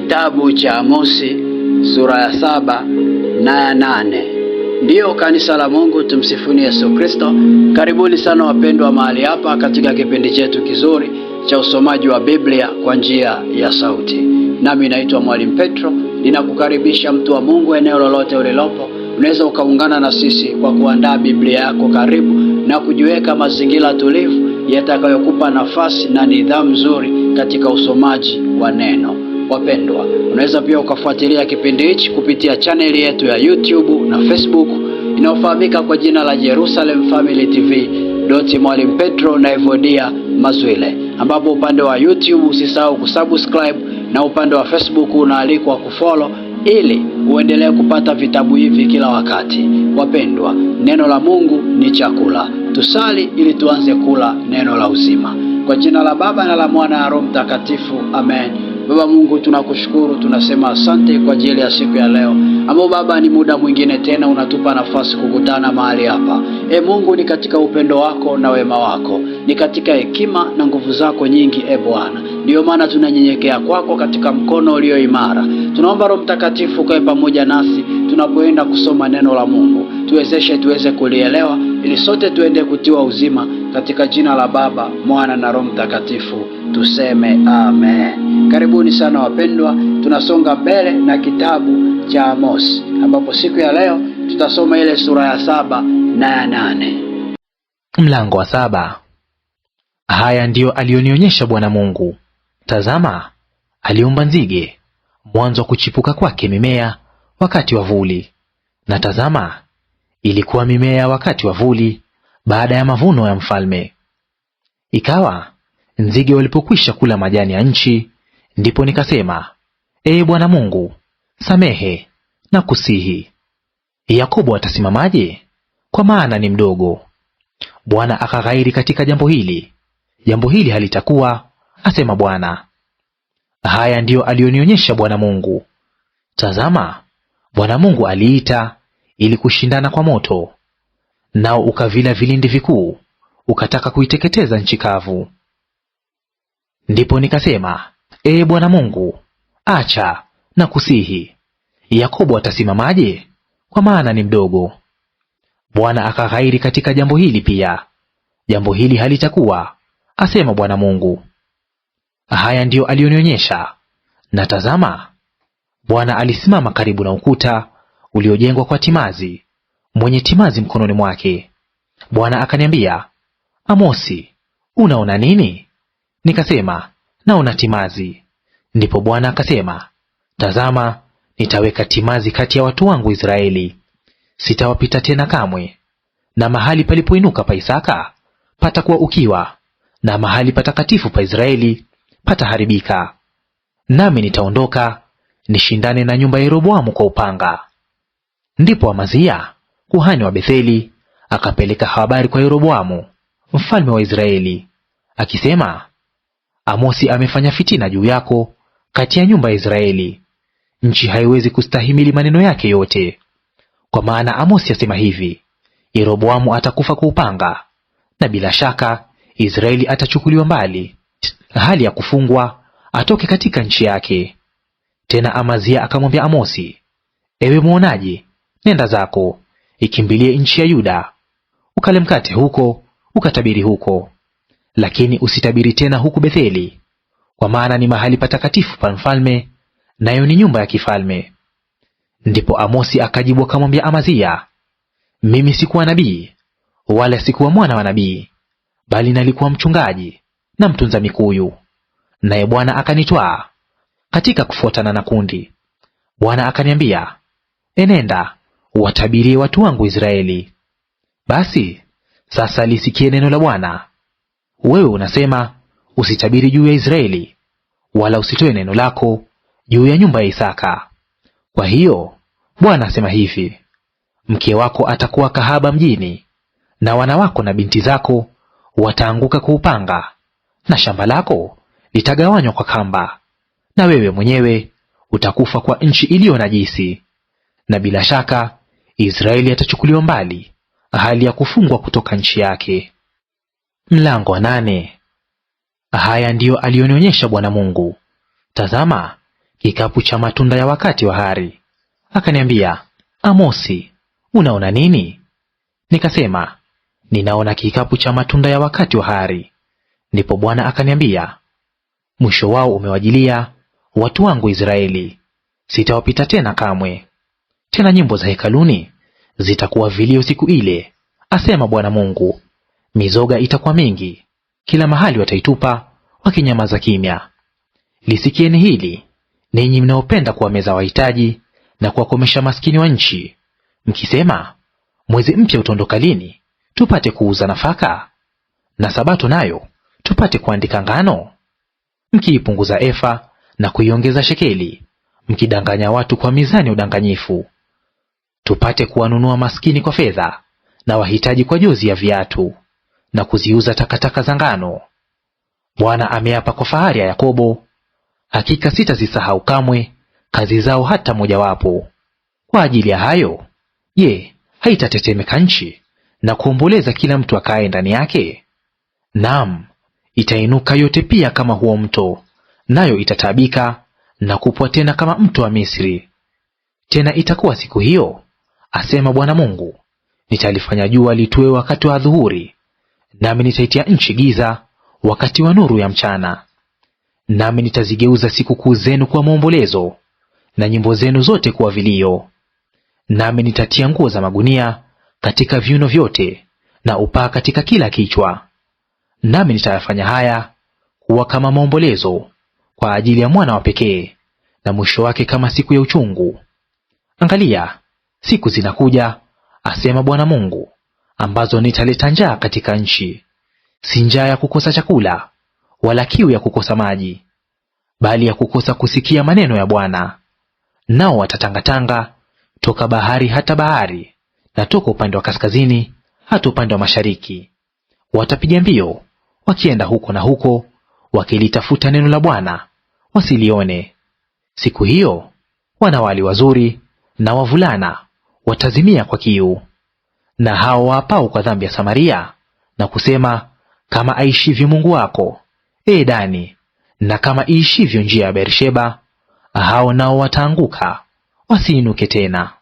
kitabu cha Amosi sura ya saba na ya nane. Ndiyo kanisa la Mungu, tumsifuni Yesu Kristo. Karibuni sana wapendwa mahali hapa katika kipindi chetu kizuri cha usomaji wa Biblia kwa njia ya sauti. Nami naitwa Mwalimu Petro, ninakukaribisha mtu wa Mungu eneo lolote ulilopo unaweza ukaungana na sisi kwa kuandaa Biblia yako karibu na kujiweka mazingira tulivu yatakayokupa nafasi na nidhamu nzuri katika usomaji wa neno. Wapendwa, unaweza pia ukafuatilia kipindi hichi kupitia chaneli yetu ya YouTube na Facebook inayofahamika kwa jina la Jerusalem Family TV doti Mwalimu Petro na Evodia Mazwile, ambapo upande wa YouTube usisahau kusubscribe na upande wa Facebook unaalikwa kufollow ili uendelee kupata vitabu hivi kila wakati. Wapendwa, neno la Mungu ni chakula. Tusali ili tuanze kula neno la uzima. Kwa jina la Baba na la Mwana na Roho Mtakatifu, amen. Baba Mungu, tunakushukuru, tunasema asante kwa ajili ya siku ya leo, ambao Baba ni muda mwingine tena unatupa nafasi kukutana mahali hapa. E Mungu, ni katika upendo wako na wema wako, ni katika hekima na nguvu zako nyingi, e Bwana, ndiyo maana tunanyenyekea kwako katika mkono ulio imara. Tunaomba Roho Mtakatifu kae pamoja nasi tunapoenda kusoma neno la Mungu, tuwezeshe tuweze kulielewa ili sote tuende kutiwa uzima katika jina la Baba, Mwana na Roho Mtakatifu, tuseme amen. Karibuni sana wapendwa, tunasonga mbele na kitabu cha Amosi ambapo siku ya leo tutasoma ile sura ya saba na ya nane. Mlango wa saba. Haya ndiyo aliyonionyesha Bwana Mungu. Tazama, aliumba nzige mwanzo wa kuchipuka kwake mimea wakati wa vuli, na tazama ilikuwa mimea ya wakati wa vuli baada ya mavuno ya mfalme. Ikawa nzige walipokwisha kula majani ya nchi, ndipo nikasema, Ee Bwana Mungu, samehe na kusihi. Yakobo atasimamaje? Kwa maana ni mdogo. Bwana akaghairi katika jambo hili, jambo hili halitakuwa, asema Bwana. Haya ndiyo aliyonionyesha Bwana Mungu. Tazama, Bwana Mungu aliita ili kushindana kwa moto, nao ukavila vilindi vikuu, ukataka kuiteketeza nchi kavu. Ndipo nikasema, Ee Bwana Mungu, acha na kusihi, Yakobo atasimamaje? Kwa maana ni mdogo. Bwana akaghairi katika jambo hili pia, jambo hili halitakuwa, asema Bwana Mungu. Haya ndiyo aliyonionyesha, na tazama, Bwana alisimama karibu na ukuta uliojengwa kwa timazi, mwenye timazi mkononi mwake. Bwana akaniambia, Amosi, unaona nini? Nikasema, naona timazi. Ndipo Bwana akasema, tazama, nitaweka timazi kati ya watu wangu Israeli, sitawapita tena kamwe. Na mahali palipoinuka pa Isaka patakuwa ukiwa, na mahali patakatifu pa Israeli pataharibika. Nami nitaondoka nishindane na nyumba ya Yeroboamu kwa upanga. Ndipo Amazia kuhani wa Betheli akapeleka habari kwa Yeroboamu mfalme wa Israeli akisema, Amosi amefanya fitina juu yako kati ya nyumba ya Israeli, nchi haiwezi kustahimili maneno yake yote. Kwa maana Amosi asema hivi, Yeroboamu atakufa kwa upanga, na bila shaka Israeli atachukuliwa mbali, hali ya kufungwa, atoke katika nchi yake. Tena Amazia akamwambia Amosi, ewe mwonaji, nenda zako, ikimbilie nchi ya Yuda, ukale mkate huko, ukatabiri huko. Lakini usitabiri tena huku Betheli, kwa maana ni mahali patakatifu pa mfalme, nayo ni nyumba ya kifalme. Ndipo Amosi akajibu akamwambia Amazia, mimi sikuwa nabii wala sikuwa mwana wa nabii, bali nalikuwa mchungaji na mtunza mikuyu, naye Bwana akanitwaa katika kufuatana na kundi. Bwana akaniambia, enenda uwatabirie watu wangu Israeli. Basi sasa lisikie neno la Bwana. Wewe unasema usitabiri juu ya Israeli, wala usitoe neno lako juu ya nyumba ya Isaka. Kwa hiyo Bwana asema hivi, mke wako atakuwa kahaba mjini, na wana wako na binti zako wataanguka kwa upanga, na shamba lako litagawanywa kwa kamba, na wewe mwenyewe utakufa kwa nchi iliyo najisi, na bila shaka Israeli atachukuliwa mbali hali ya kufungwa kutoka nchi yake. Mlango wa nane. Haya ndiyo aliyonionyesha Bwana Mungu: tazama, kikapu cha matunda ya wakati wa hari. Akaniambia, Amosi, unaona nini? Nikasema, ninaona kikapu cha matunda ya wakati wa hari. Ndipo Bwana akaniambia, mwisho wao umewajilia, watu wangu Israeli; sitawapita tena kamwe. Tena nyimbo za hekaluni zitakuwa vilio siku ile, asema Bwana Mungu. Mizoga itakuwa mingi, kila mahali wataitupa, wakinyamaza kimya. Lisikieni hili ninyi mnaopenda kuwameza wahitaji na kuwakomesha maskini wa nchi, mkisema, mwezi mpya utaondoka lini tupate kuuza nafaka, na sabato nayo tupate kuandika ngano? Mkiipunguza efa na kuiongeza shekeli, mkidanganya watu kwa mizani ya udanganyifu tupate kuwanunua maskini kwa fedha na wahitaji kwa jozi ya viatu, na kuziuza takataka za ngano. Bwana ameapa kwa fahari ya Yakobo, hakika sitazisahau kamwe kazi zao hata mojawapo. Kwa ajili ya hayo, je, haitatetemeka nchi na kuomboleza kila mtu akaye ndani yake? Naam, itainuka yote pia kama huo mto, nayo itatabika na kupwa tena kama mto wa Misri. Tena itakuwa siku hiyo asema Bwana Mungu, nitalifanya jua litue wakati wa adhuhuri, nami nitaitia nchi giza wakati wa nuru ya mchana. Nami nitazigeuza sikukuu zenu kuwa maombolezo na nyimbo zenu zote kuwa vilio. Nami nitatia nguo za magunia katika viuno vyote na upaa katika kila kichwa. Nami nitayafanya haya kuwa kama maombolezo kwa ajili ya mwana wa pekee, na mwisho wake kama siku ya uchungu. Angalia, Siku zinakuja, asema Bwana Mungu, ambazo nitaleta njaa katika nchi, si njaa ya kukosa chakula, wala kiu ya kukosa maji, bali ya kukosa kusikia maneno ya Bwana. Nao watatangatanga toka bahari hata bahari, na toka upande wa kaskazini hata upande wa mashariki. Watapiga mbio wakienda huko na huko, wakilitafuta neno la Bwana, wasilione. Siku hiyo wanawali wazuri na wavulana watazimia kwa kiu. Na hao waapao kwa dhambi ya Samaria na kusema, kama aishivyo Mungu wako, e Dani, na kama iishivyo njia ya Beersheba, hao nao wataanguka wasiinuke tena.